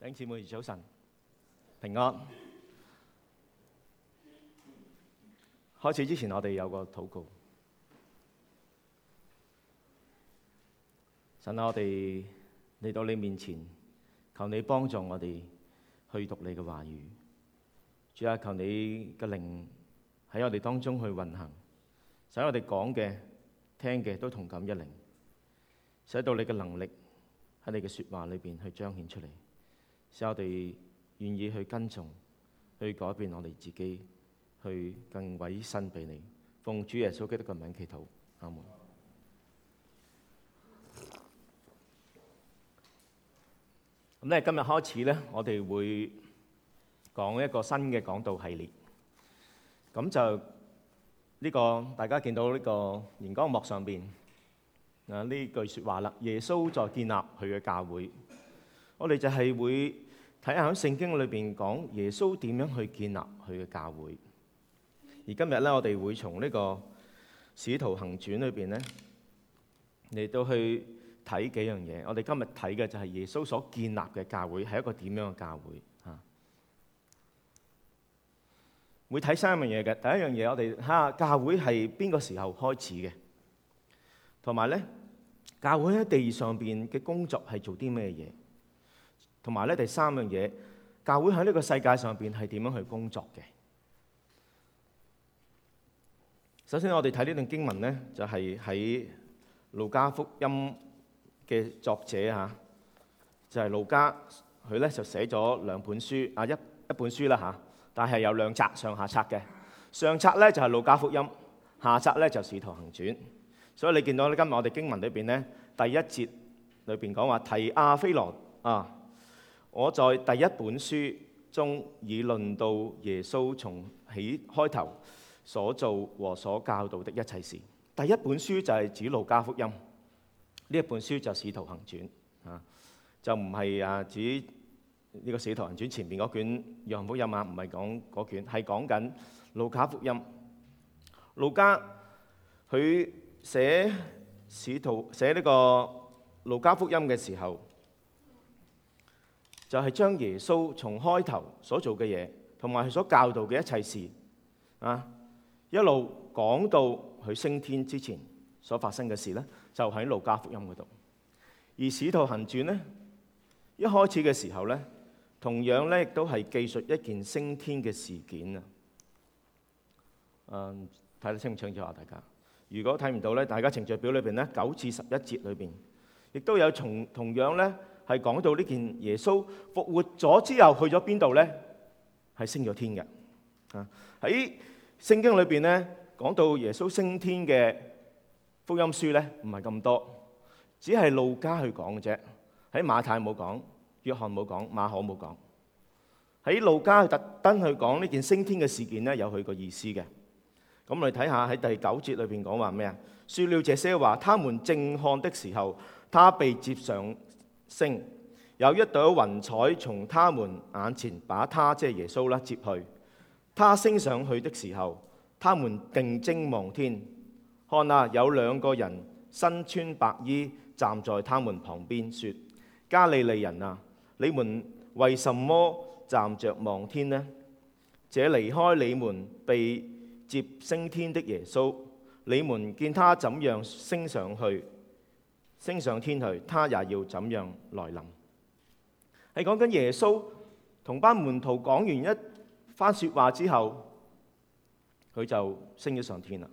弟兄姊妹，早晨平安。開始之前，我哋有個禱告。神啊，我哋嚟到你面前，求你幫助我哋去讀你嘅話語。主啊，求你嘅靈喺我哋當中去運行，使我哋講嘅、聽嘅都同感一靈，使到你嘅能力喺你嘅說話裏邊去彰顯出嚟。是我哋願意去跟從，去改變我哋自己，去更委身俾你。奉主耶穌基督嘅名祈禱，阿門。咁咧，今日開始咧，我哋會講一個新嘅講道系列。咁就呢、呢個大家見到呢個熒光幕上邊啊，呢句説話啦，耶穌在建立佢嘅教會。我哋就係會睇下喺聖經裏邊講耶穌點樣去建立佢嘅教會，而今日咧我哋會從呢個使徒行傳裏邊咧嚟到去睇幾樣嘢。我哋今日睇嘅就係耶穌所建立嘅教會係一個點樣嘅教會啊？會睇三樣嘢嘅。第一樣嘢我哋睇下教會係邊個時候開始嘅，同埋咧教會喺地上邊嘅工作係做啲咩嘢？同埋咧，第三樣嘢，教會喺呢個世界上邊係點樣去工作嘅？首先，我哋睇呢段經文咧，就係喺路加福音嘅作者嚇，就係路加佢咧就寫咗兩本書啊，一一本書啦嚇，但係有兩冊上下冊嘅上冊咧就係路加福音，下冊咧就使徒行傳。所以你見到咧，今日我哋經文裏邊咧第一節裏邊講話提阿非羅啊。我在第一本書中已論到耶穌從起開頭所做和所教導的一切事。第一本書就係指路加福音，呢一本書就《使徒行傳》啊，就唔係啊指呢個《使徒行傳》前面嗰卷《約翰福音》啊，唔係講嗰卷，係講緊路加福音。路加佢寫使徒寫呢個路加福音嘅時候，就係將耶穌從開頭所做嘅嘢，同埋佢所教導嘅一切事，啊，一路講到佢升天之前所發生嘅事咧，就喺路加福音嗰度。而使徒行傳咧，一開始嘅時候咧，同樣咧亦都係記述一件升天嘅事件啊。誒、嗯，睇得清唔清楚啊？大家，如果睇唔到咧，大家程序表裏邊咧九至十一節裏邊，亦都有同同樣咧。係講到呢件耶穌復活咗之後去咗邊度咧？係升咗天嘅。啊，喺聖經裏邊咧，講到耶穌升天嘅福音書咧唔係咁多，只係路加去講嘅啫。喺馬太冇講，約翰冇講，馬可冇講。喺路加特登去講呢件升天嘅事件咧，有佢個意思嘅。咁我哋睇下喺第九節裏邊講話咩啊？說了這些話，他們正看的時候，他被接上。升有一朵雲彩從他們眼前把他，即係耶穌啦，接去。他升上去的時候，他們定睛望天，看啊，有兩個人身穿白衣站在他們旁邊，說：加利利人啊，你們為什麼站着望天呢？這離開你們被接升天的耶穌，你們見他怎樣升上去？升上天去，他也要怎樣來臨？係講緊耶穌同班門徒講完一番說話之後，佢就升咗上天啦。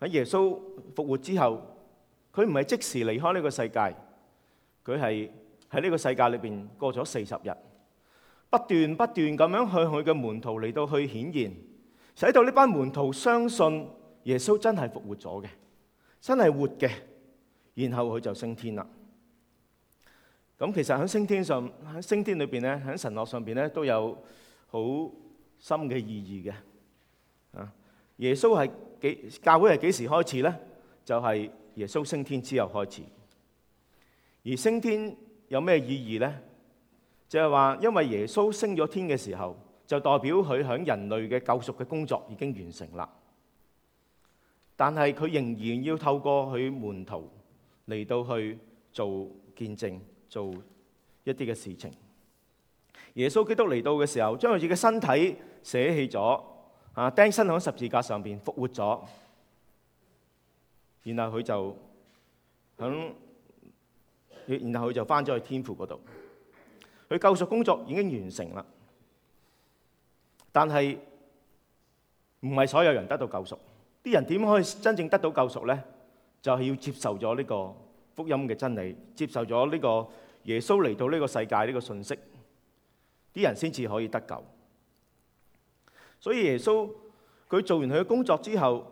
喺耶穌復活之後，佢唔係即時離開呢個世界，佢係喺呢個世界裏面過咗四十日，不斷不斷咁樣向佢嘅門徒嚟到去顯現，使到呢班門徒相信耶穌真係復活咗嘅。真係活嘅，然後佢就升天啦。咁其實喺升天上，喺升天裏邊咧，喺神學上邊咧，都有好深嘅意義嘅。啊，耶穌係幾教會係幾時開始咧？就係、是、耶穌升天之後開始。而升天有咩意義咧？就係話，因為耶穌升咗天嘅時候，就代表佢響人類嘅救贖嘅工作已經完成啦。但係佢仍然要透過佢門徒嚟，到去做見證，做一啲嘅事情。耶穌基督嚟到嘅時候，將佢自己嘅身體捨棄咗，啊釘身喺十字架上面復活咗，然後佢就響，然後佢就翻咗去天父嗰度。佢救贖工作已經完成啦，但係唔係所有人得到救贖。啲人點可以真正得到救贖呢？就係要接受咗呢個福音嘅真理，接受咗呢個耶穌嚟到呢個世界呢個信息，啲人先至可以得救。所以耶穌佢做完佢嘅工作之後，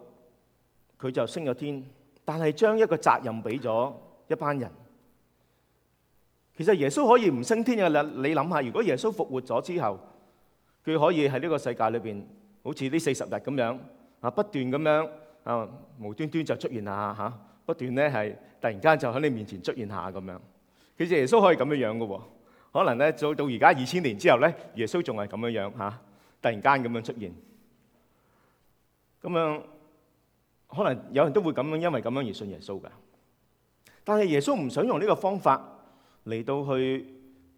佢就升咗天，但係將一個責任俾咗一班人。其實耶穌可以唔升天嘅啦，你諗下，如果耶穌復活咗之後，佢可以喺呢個世界裏邊，好似呢四十日咁樣。啊！不斷咁樣啊，無端端就出現下嚇，不斷咧係突然間就喺你面前出現下咁樣。其實耶穌可以咁樣樣嘅喎，可能咧直到而家二千年之後咧，耶穌仲係咁樣樣嚇，突然間咁樣出現。咁樣可能有人都會咁樣，因為咁樣而信耶穌嘅。但係耶穌唔想用呢個方法嚟到去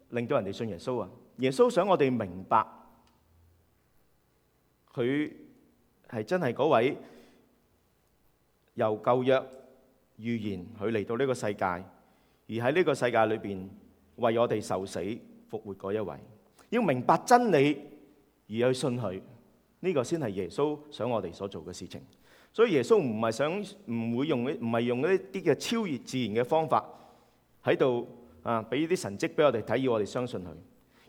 令到人哋信耶穌啊！耶穌想我哋明白佢。係真係嗰位由舊約預言佢嚟到呢個世界，而喺呢個世界裏邊為我哋受死復活嗰一位，要明白真理而去信佢，呢個先係耶穌想我哋所做嘅事情。所以耶穌唔係想唔會用一唔係用一啲嘅超越自然嘅方法喺度啊，俾啲神蹟俾我哋睇，要我哋相信佢，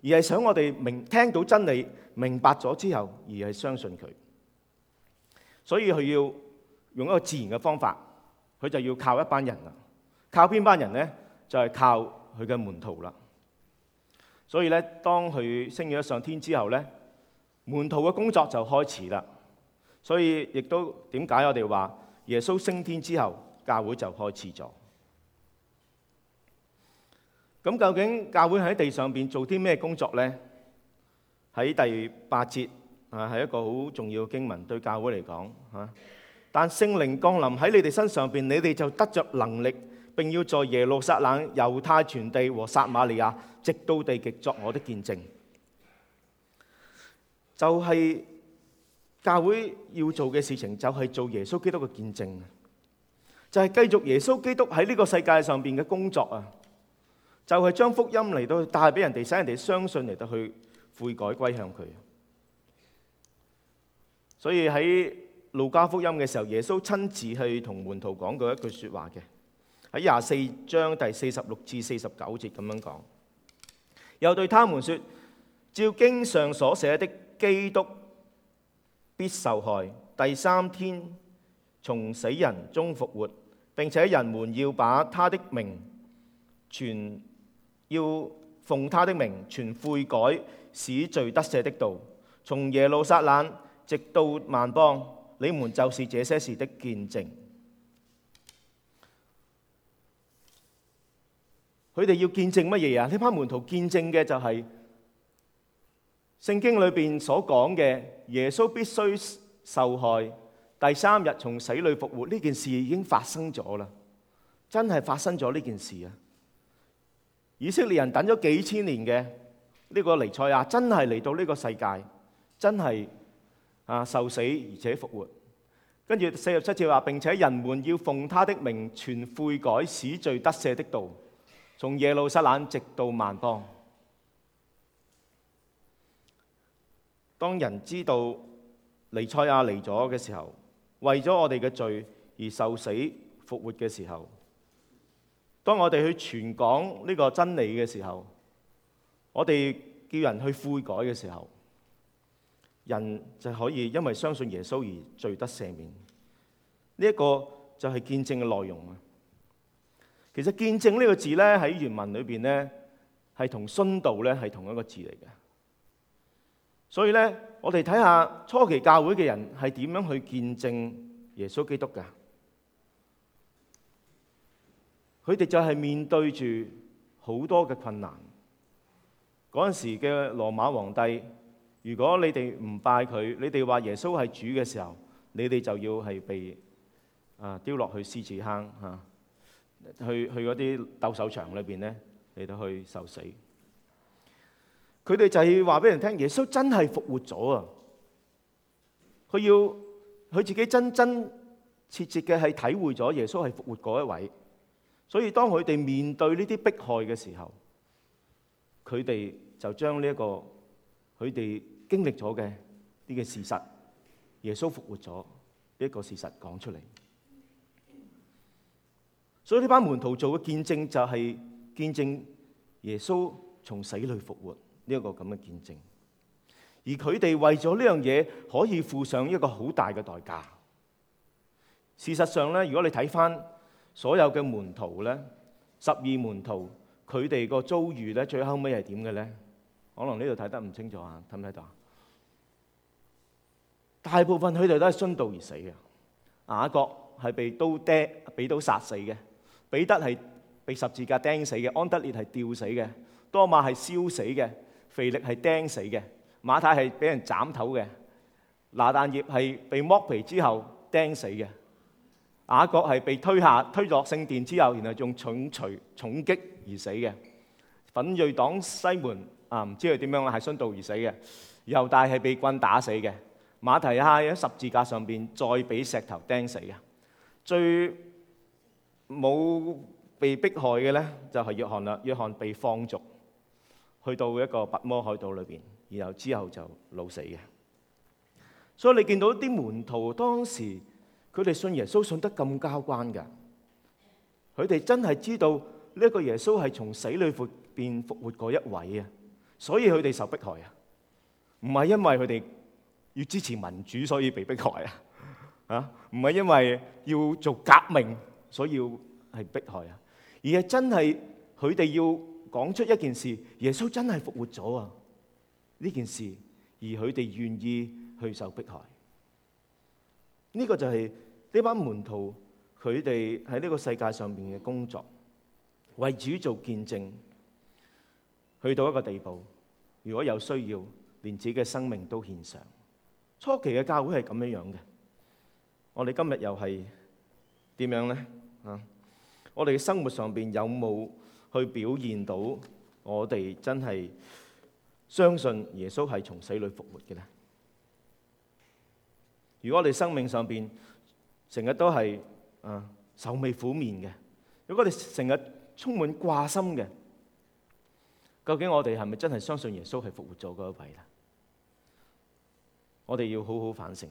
而係想我哋明聽到真理，明白咗之後而係相信佢。所以佢要用一個自然嘅方法，佢就要靠一班人啦。靠邊班人呢，就係靠佢嘅門徒啦。所以咧，當佢升咗上天之後咧，門徒嘅工作就開始啦。所以亦都點解我哋話耶穌升天之後教會就開始咗。咁究竟教會喺地上邊做啲咩工作呢？喺第八節。啊，係一個好重要嘅經文，對教會嚟講吓。但聖靈降臨喺你哋身上邊，你哋就得著能力，並要在耶路撒冷、猶太全地和撒瑪利亞，直到地極作我的見證。就係教會要做嘅事情，就係做耶穌基督嘅見證，就係繼續耶穌基督喺呢個世界上邊嘅工作啊！就係將福音嚟到帶俾人哋，使人哋相信嚟到去悔改歸向佢。所以喺路加福音嘅時候，耶穌親自去同門徒講過一句説話嘅，喺廿四章第四十六至四十九節咁樣講，又對他們說：照經上所寫的，基督必受害，第三天從死人中復活。並且人們要把他的名傳，要奉他的名全悔改，使罪得赦的道，從耶路撒冷。直到萬邦，你們就是這些事的見證。佢哋要見證乜嘢啊？呢班門徒見證嘅就係聖經裏邊所講嘅耶穌必須受害，第三日從死裏復活。呢件事已經發生咗啦，真係發生咗呢件事啊！以色列人等咗幾千年嘅呢個彌賽亞，真係嚟到呢個世界，真係。啊！受死而且復活，跟住，四十七節話，並且人們要奉他的名傳悔改、使罪得赦的道，從耶路撒冷直到萬邦。當人知道彌賽亞嚟咗嘅時候，為咗我哋嘅罪而受死復活嘅時候，當我哋去傳講呢個真理嘅時候，我哋叫人去悔改嘅時候。人就可以因為相信耶穌而罪得赦免，呢一個就係見證嘅內容啊。其實見證呢個字咧喺原文裏邊咧係同殉道咧係同一個字嚟嘅，所以咧我哋睇下初期教會嘅人係點樣去見證耶穌基督嘅，佢哋就係面對住好多嘅困難。嗰陣時嘅羅馬皇帝。如果你哋唔拜佢，你哋話耶穌係主嘅時候，你哋就要係被啊丟落去獅子坑嚇，去去嗰啲鬥獸場裏面咧，你都去受死。佢哋就係話俾人聽，耶穌真係復活咗啊！佢要佢自己真真切切嘅係體會咗耶穌係復活嗰一位，所以當佢哋面對呢啲迫害嘅時候，佢哋就將呢一個佢哋經歷咗嘅呢個事實，耶穌復活咗呢一個事實講出嚟，所以呢班門徒做嘅見證就係見證耶穌從死裏復活呢一個咁嘅見證，而佢哋為咗呢樣嘢可以付上一個好大嘅代價。事實上咧，如果你睇翻所有嘅門徒咧，十二門徒佢哋個遭遇咧，最後尾係點嘅咧？可能呢度睇得唔清楚啊，睇唔睇到？啊？大部分佢哋都係殉道而死嘅。雅各係被刀爹俾刀殺死嘅，彼得係被十字架釘死嘅，安德烈係吊死嘅，多馬係燒死嘅，腓力係釘死嘅，馬太係俾人斬頭嘅，拿但業係被剝皮之後釘死嘅。雅各係被推下推落聖殿之後，然後用重錘重擊而死嘅。奮銳黨西門啊，唔知佢點樣係殉道而死嘅。猶大係被棍打死嘅。馬蹄下喺十字架上邊再俾石頭釘死嘅，最冇被迫害嘅咧，就係約翰啦。約翰被放逐，去到一個拔摩海島裏邊，然後之後就老死嘅。所以你見到啲門徒當時佢哋信耶穌信得咁交關嘅，佢哋真係知道呢個耶穌係從死裏復活復活過一位啊，所以佢哋受迫害啊，唔係因為佢哋。要支持民主，所以被迫害啊！啊，唔係因為要做革命，所以要係迫害啊，而係真係佢哋要講出一件事：耶穌真係復活咗啊！呢件事，而佢哋願意去受迫害。呢個就係呢班門徒佢哋喺呢個世界上面嘅工作，為主做見證，去到一個地步，如果有需要，連自己嘅生命都獻上。初期嘅教會係咁樣樣嘅，我哋今日又係點樣咧？啊，我哋嘅生活上邊有冇去表現到我哋真係相信耶穌係從死裏復活嘅咧？如果我哋生命上邊成日都係啊愁眉苦面嘅，如果我哋成日充滿掛心嘅，究竟我哋係咪真係相信耶穌係復活咗嗰一位咧？我哋要好好反省。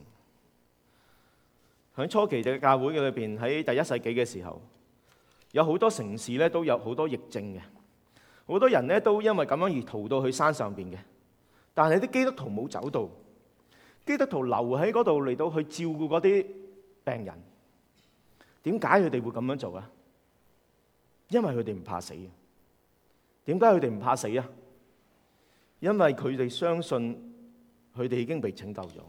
喺初期嘅教會嘅裏邊，喺第一世紀嘅時候，有好多城市咧都有好多疫症嘅，好多人咧都因為咁樣而逃到去山上邊嘅。但係啲基督徒冇走到，基督徒留喺嗰度嚟到去照顧嗰啲病人。點解佢哋會咁樣做啊？因為佢哋唔怕死。點解佢哋唔怕死啊？因為佢哋相信。佢哋已經被拯救咗，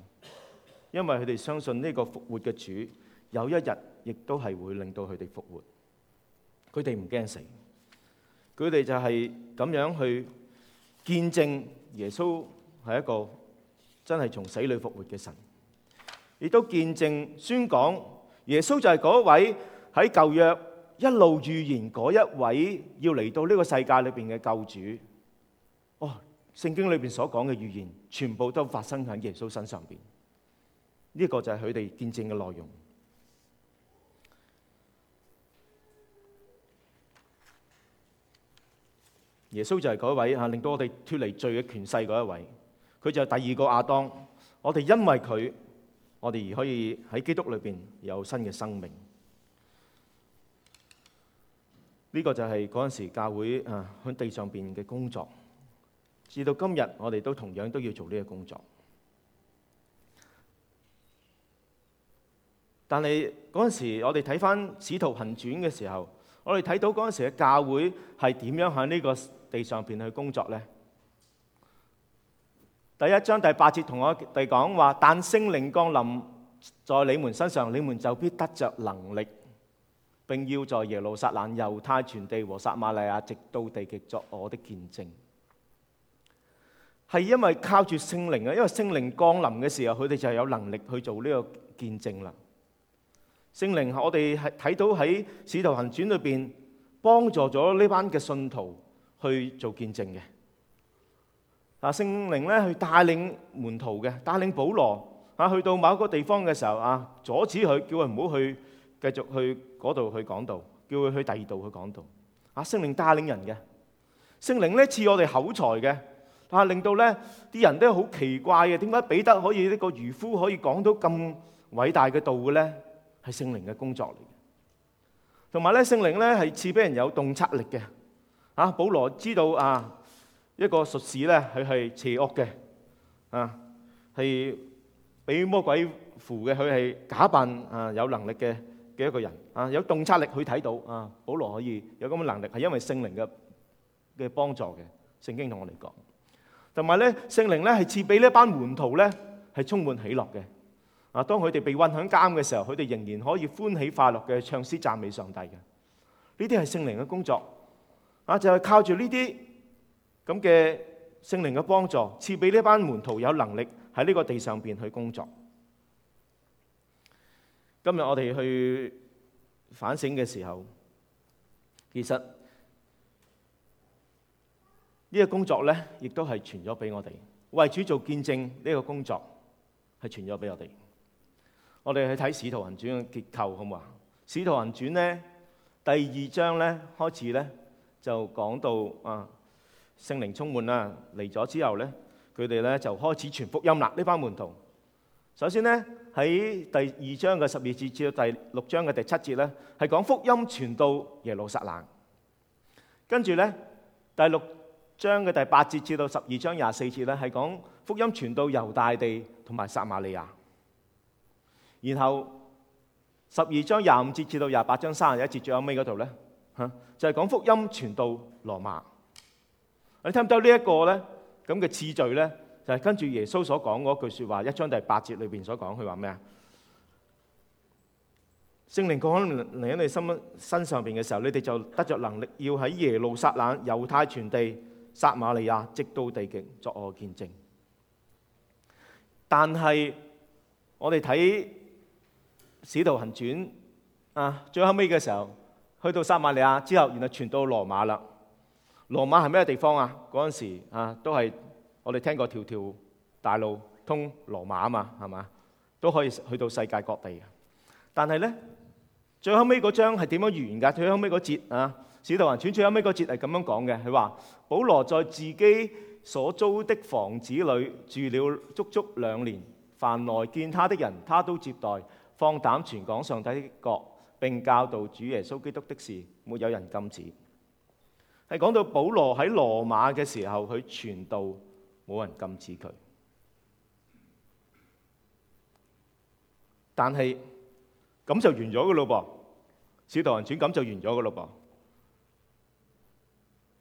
因為佢哋相信呢個復活嘅主有一日亦都係會令到佢哋復活。佢哋唔驚死，佢哋就係咁樣去見證耶穌係一個真係從死裏復活嘅神，亦都見證宣講耶穌就係嗰一位喺舊約一路預言嗰一位要嚟到呢個世界裏面嘅救主。哦。聖經裏邊所講嘅預言，全部都發生喺耶穌身上邊。呢個就係佢哋見證嘅內容。耶穌就係嗰位嚇，令到我哋脫離罪嘅權勢嗰一位。佢就係第二個亞當。我哋因為佢，我哋而可以喺基督裏邊有新嘅生命。呢個就係嗰陣時教會啊喺地上邊嘅工作。至到今日，我哋都同樣都要做呢個工作。但係嗰陣時，我哋睇翻《使徒行傳》嘅時候，我哋睇到嗰陣時嘅教會係點樣喺呢個地上邊去工作呢？第一章第八節同我哋講話：但聖靈降臨在你們身上，你們就必得着能力，並要在耶路撒冷、猶太全地和撒瑪利亞，直到地極，作我的見證。係因為靠住聖靈啊，因為聖靈降臨嘅時候，佢哋就係有能力去做呢個見證啦。聖靈，我哋係睇到喺《史徒行傳使徒行傳》裏邊幫助咗呢班嘅信徒去做見證嘅。啊，聖靈咧去帶領門徒嘅，帶領保羅啊，去到某一個地方嘅時候啊，阻止佢，叫佢唔好去繼續去嗰度去講道，叫佢去第二度去講道。啊，聖靈帶領人嘅，聖靈咧賜我哋口才嘅。啊！令到咧啲人都好奇怪嘅，點解彼得可以呢個漁夫可以講到咁偉大嘅道嘅咧？係聖靈嘅工作嚟嘅。同埋咧，聖靈咧係賜俾人有洞察力嘅。啊，保羅知道啊一個術士咧，佢係邪惡嘅，啊係俾魔鬼附嘅，佢係假扮啊有能力嘅嘅一個人。啊，有洞察力去睇到啊，保羅可以有咁嘅能力，係因為聖靈嘅嘅幫助嘅。聖經同我哋講。同埋咧，聖靈咧係賜俾呢班門徒咧，係充滿喜樂嘅。啊，當佢哋被困喺監嘅時候，佢哋仍然可以歡喜快樂嘅唱詩讚美上帝嘅。呢啲係聖靈嘅工作。啊，就係靠住呢啲咁嘅聖靈嘅幫助，賜俾呢班門徒有能力喺呢個地上邊去工作。今日我哋去反省嘅時候，其實呢個工作咧，亦都係傳咗俾我哋為主做見證。呢個工作係傳咗俾我哋。我哋去睇《使徒行傳》嘅結構，好唔好啊？《使徒行傳》咧，第二章咧，開始咧，就講到啊，聖靈充滿啦，嚟咗之後咧，佢哋咧就開始傳福音啦。呢班門徒首先咧，喺第二章嘅十二節至到第六章嘅第七節咧，係講福音傳到耶路撒冷，跟住咧第六。章嘅第八節至到十二章廿四節咧，係講福音傳到猶大地同埋撒瑪利亞。然後十二章廿五節至到廿八章三十一節，最後尾嗰度咧，嚇就係、是、講福音傳到羅馬。你睇唔到呢一個咧，咁嘅次序咧，就係、是、跟住耶穌所講嗰句説話，一章第八節裏邊所講，佢話咩啊？聖靈降喺你身身上邊嘅時候，你哋就得着能力，要喺耶路撒冷、猶太全地、撒馬利亞直到地極作我嘅見證，但係我哋睇《使徒行傳》啊，最後尾嘅時候去到撒馬利亞之後，然後傳到羅馬啦。羅馬係咩地方啊？嗰陣時啊，都係我哋聽過條條大路通羅馬啊嘛，係嘛？都可以去到世界各地。但係咧，最後尾嗰章係點樣完㗎？最後尾嗰節啊！使徒行傳最後尾嗰節係咁樣講嘅，佢話保羅在自己所租的房子裏住了足足兩年，凡來見他的人，他都接待，放膽傳講上帝的國，並教導主耶穌基督的事，沒有人禁止。係講到保羅喺羅馬嘅時候，佢傳道冇人禁止佢，但係咁就完咗嘅咯噃，使徒行傳咁就完咗嘅咯噃。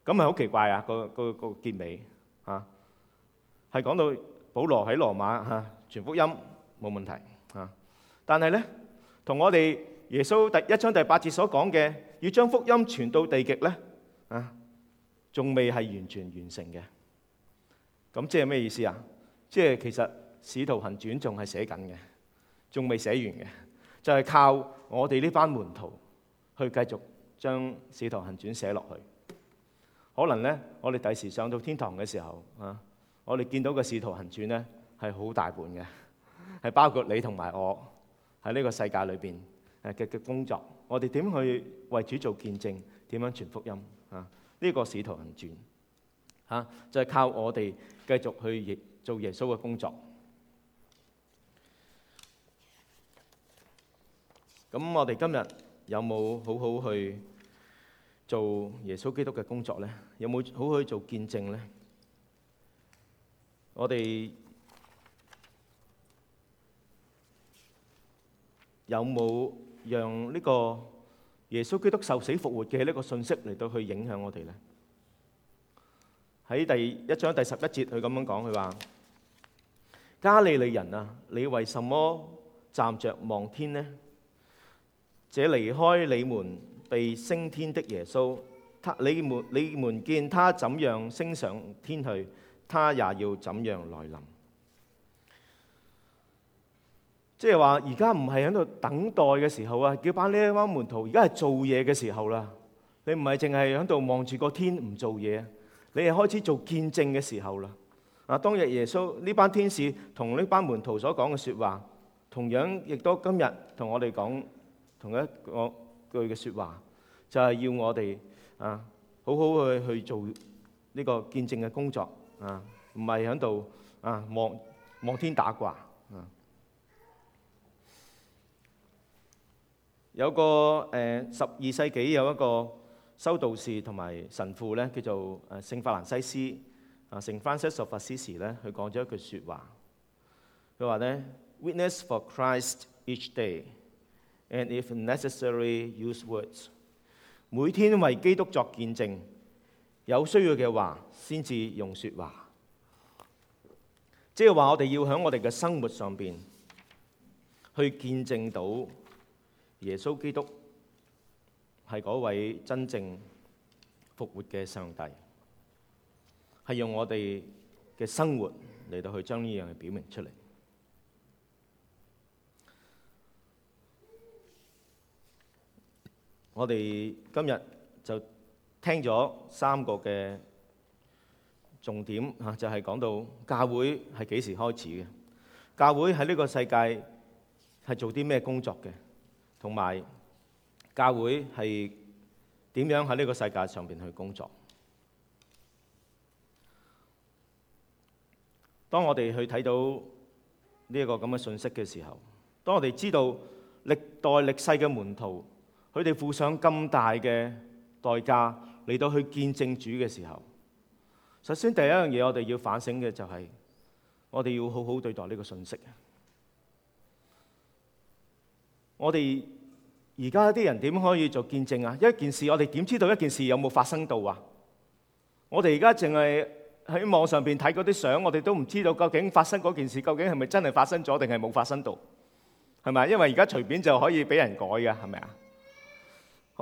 咁咪好奇怪啊！個個個結尾嚇係講到保羅喺羅馬嚇傳福音冇問題嚇，但係咧同我哋耶穌第一章第八節所講嘅要將福音傳到地極咧嚇，仲未係完全完成嘅。咁即係咩意思啊？即係其實《使徒行傳》仲係寫緊嘅，仲未寫完嘅，就係靠我哋呢班門徒去繼續將《使徒行傳》寫落去。可能咧，我哋第時上到天堂嘅時候啊，我哋見到嘅使徒行傳咧係好大本嘅，係包括你同埋我喺呢個世界裏邊嘅嘅工作，我哋點去為主做見證，點樣傳福音啊？呢個使徒行傳啊，就係靠我哋繼續去做耶穌嘅工作。咁我哋今日有冇好好去做耶穌基督嘅工作咧，有冇好去做見證咧？我哋有冇讓呢個耶穌基督受死復活嘅呢個信息嚟到去影響我哋咧？喺第一章第十一節，佢咁樣講，佢話：加利利人啊，你為什麼站着望天呢？這離開你們。被升天的耶穌，他你們你們見他怎樣升上天去，他也要怎樣來臨。即係話，而家唔係喺度等待嘅時候啊！叫班呢班門徒，而家係做嘢嘅時候啦。你唔係淨係喺度望住個天唔做嘢，你係開始做見證嘅時候啦。啊，當日耶穌呢班天使同呢班門徒所講嘅說話，同樣亦都今日同我哋講，同一個。句嘅説話就係、是、要我哋啊，好好去去做呢個見證嘅工作啊，唔係喺度啊望望天打卦啊。有一個誒十二世紀有一個修道士同埋神父咧，叫做誒聖法蘭西斯啊，Saint Francis of Assisi 時咧，佢講咗一句説話，佢話咧：Witness for Christ each day。And if necessary use words，每天為基督作見證，有需要嘅話先至用說話，即係話我哋要響我哋嘅生活上邊去見證到耶穌基督係位真正復活嘅上帝，係用我哋嘅生活嚟到去將呢樣嘢表明出嚟。我哋今日就聽咗三個嘅重點吓，就係講到教會係幾時開始嘅？教會喺呢個世界係做啲咩工作嘅？同埋教會係點樣喺呢個世界上邊去工作？當我哋去睇到呢一個咁嘅信息嘅時候，當我哋知道歷代歷世嘅門徒。佢哋付上咁大嘅代價嚟到去見證主嘅時候，首先第一樣嘢，我哋要反省嘅就係我哋要好好對待呢個信息。我哋而家啲人點可以做見證啊？一件事，我哋點知道一件事有冇發生到啊？我哋而家淨係喺網上邊睇嗰啲相，我哋都唔知道究竟發生嗰件事究竟係咪真係發生咗，定係冇發生到係咪？因為而家隨便就可以俾人改㗎，係咪啊？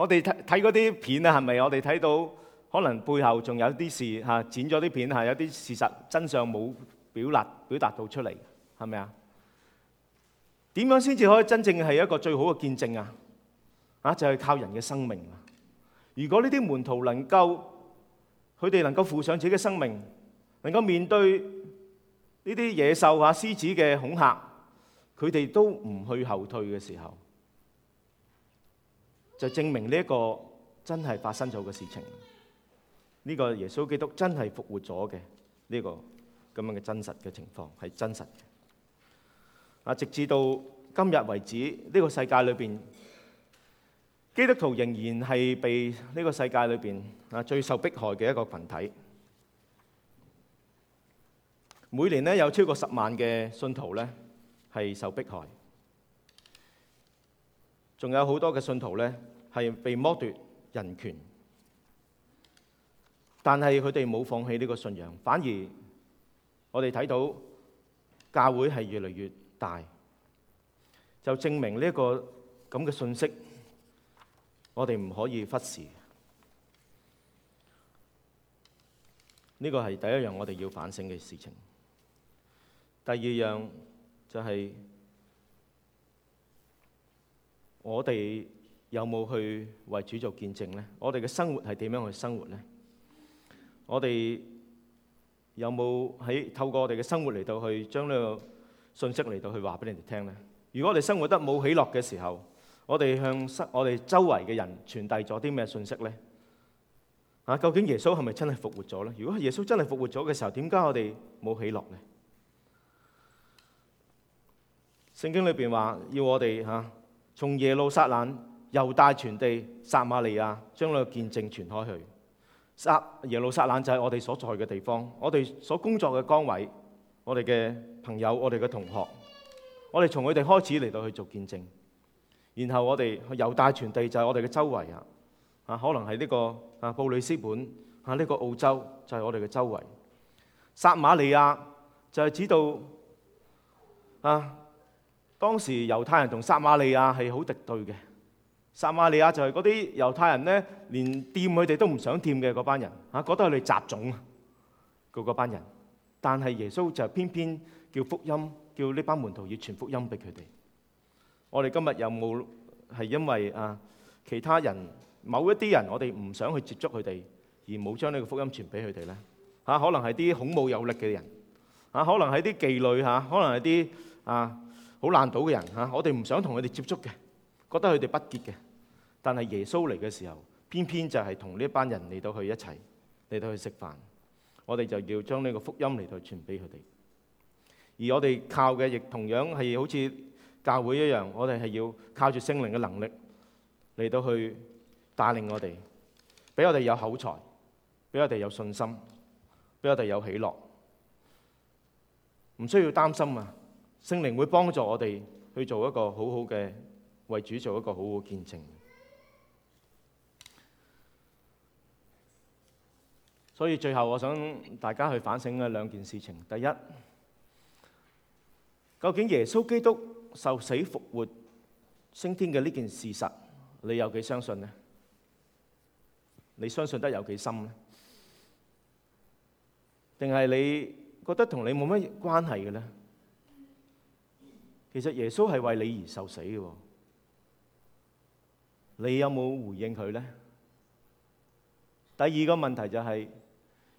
我哋睇睇嗰啲片啊，係咪我哋睇到可能背後仲有啲事吓，剪咗啲片嚇，有啲事實真相冇表達表達到出嚟，係咪啊？點樣先至可以真正係一個最好嘅見證啊？啊，就係靠人嘅生命啊！如果呢啲門徒能夠，佢哋能夠付上自己嘅生命，能夠面對呢啲野獸啊、獅子嘅恐嚇，佢哋都唔去後退嘅時候。就證明呢一個真係發生咗嘅事情，呢個耶穌基督真係復活咗嘅呢個咁樣嘅真實嘅情況係真實嘅。啊，直至到今日為止，呢個世界裏邊，基督徒仍然係被呢個世界裏邊啊最受迫害嘅一個群體。每年咧有超過十萬嘅信徒咧係受迫害，仲有好多嘅信徒咧。係被剝奪人權，但係佢哋冇放棄呢個信仰，反而我哋睇到教會係越嚟越大，就證明呢一個咁嘅信息，我哋唔可以忽視。呢個係第一樣我哋要反省嘅事情。第二樣就係我哋。有冇去為主做見證咧？我哋嘅生活係點樣去生活咧？我哋有冇喺透過我哋嘅生活嚟到去將呢個信息嚟到去話俾你哋聽咧？如果我哋生活得冇喜樂嘅時候，我哋向我哋周圍嘅人傳遞咗啲咩信息咧？啊，究竟耶穌係咪真係復活咗咧？如果耶穌真係復活咗嘅時候，點解我哋冇喜樂咧？聖經裏邊話要我哋吓從耶路撒冷。由大傳地撒瑪利亞將個見證傳開去，撒耶路撒冷就係我哋所在嘅地方，我哋所工作嘅崗位，我哋嘅朋友，我哋嘅同學，我哋從佢哋開始嚟到去做見證，然後我哋由大傳地就係我哋嘅周圍啊，啊可能係呢個啊布里斯本啊呢、這個澳洲就係我哋嘅周圍，撒瑪利亞就係指到啊當時猶太人同撒瑪利亞係好敵對嘅。撒瑪利亞就係嗰啲猶太人咧，連掂佢哋都唔想掂嘅嗰班人嚇，覺得佢哋雜種嘅嗰班人。但係耶穌就偏偏叫福音，叫呢班門徒要傳福音俾佢哋。我哋今日有冇係因為啊其他人某一啲人，我哋唔想去接觸佢哋，而冇將呢個福音傳俾佢哋咧嚇？可能係啲孔武有力嘅人嚇，可能係啲妓女嚇，可能係啲啊好爛賭嘅人嚇，我哋唔想同佢哋接觸嘅，覺得佢哋不潔嘅。但係耶穌嚟嘅時候，偏偏就係同呢一班人嚟到去一齊嚟到去食飯。我哋就要將呢個福音嚟到去傳俾佢哋。而我哋靠嘅亦同樣係好似教會一樣，我哋係要靠住聖靈嘅能力嚟到去帶領我哋，俾我哋有口才，俾我哋有信心，俾我哋有喜樂，唔需要擔心啊！聖靈會幫助我哋去做一個好好嘅，為主做一個好好見證。所以最後我想大家去反省嘅兩件事情。第一，究竟耶穌基督受死復活升天嘅呢件事實，你有幾相信呢？你相信得有幾深呢？定係你覺得同你冇乜關係嘅呢？其實耶穌係為你而受死嘅，你有冇回應佢呢？第二個問題就係。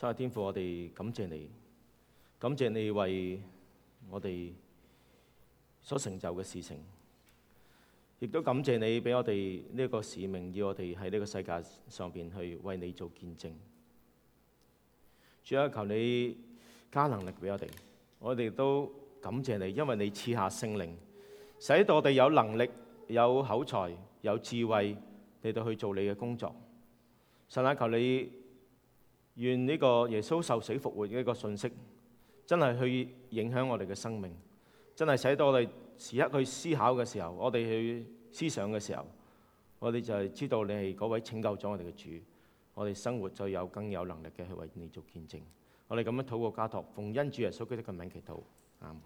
真係天父，我哋感謝你，感謝你為我哋所成就嘅事情，亦都感謝你俾我哋呢個使命，要我哋喺呢個世界上邊去為你做見證。主啊，求你加能力俾我哋，我哋都感謝你，因為你賜下聖靈，使到我哋有能力、有口才、有智慧嚟到去做你嘅工作。神啊，求你。願呢個耶穌受死復活嘅一個信息，真係去影響我哋嘅生命，真係使到我哋時刻去思考嘅時候，我哋去思想嘅時候，我哋就係知道你係嗰位拯救咗我哋嘅主，我哋生活就有更有能力嘅去為你做見證。我哋咁樣禱告交託，奉恩主耶穌基督嘅名祈禱，阿門。